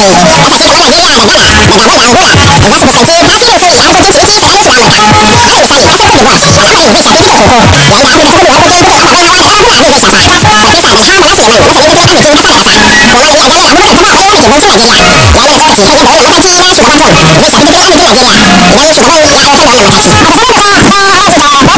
我才先出来，你俩的奶我刚不想滚我是不是生气？江西留守的，我生气气，谁敢欺负我我可不想理，但我也不怕，我怕你就哭哭。两家父不管，不亲不热，爸爸妈妈谁都不管，就你他拿钱买，我说你别别我杀他。我妈也爱讲理，你不吃饭，你妈就生气，生气了。爷爷做的鸡腿多，我爱吃，奶奶煮的汤圆，我也喜欢吃。爷爷做的鸡蛋多，我爱吃，奶奶煮的汤圆，我也爱吃。好吃不？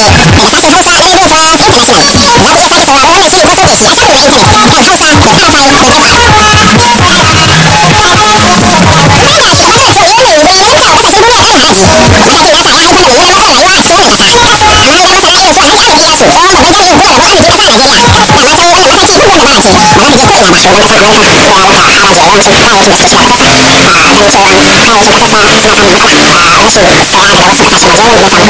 g r a k i a s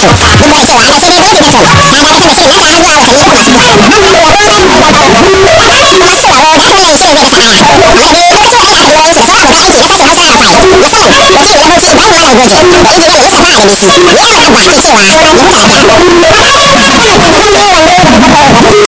如果你在心里堆积天数，那在现在心里难缠很多，我可以不放心的。那如果不用在心里堆积天数，那怎是了？我完全在心里堆着伤害呀。那如的人在我一个伤不在？那算了，我只有让我一直你，你你喜欢，我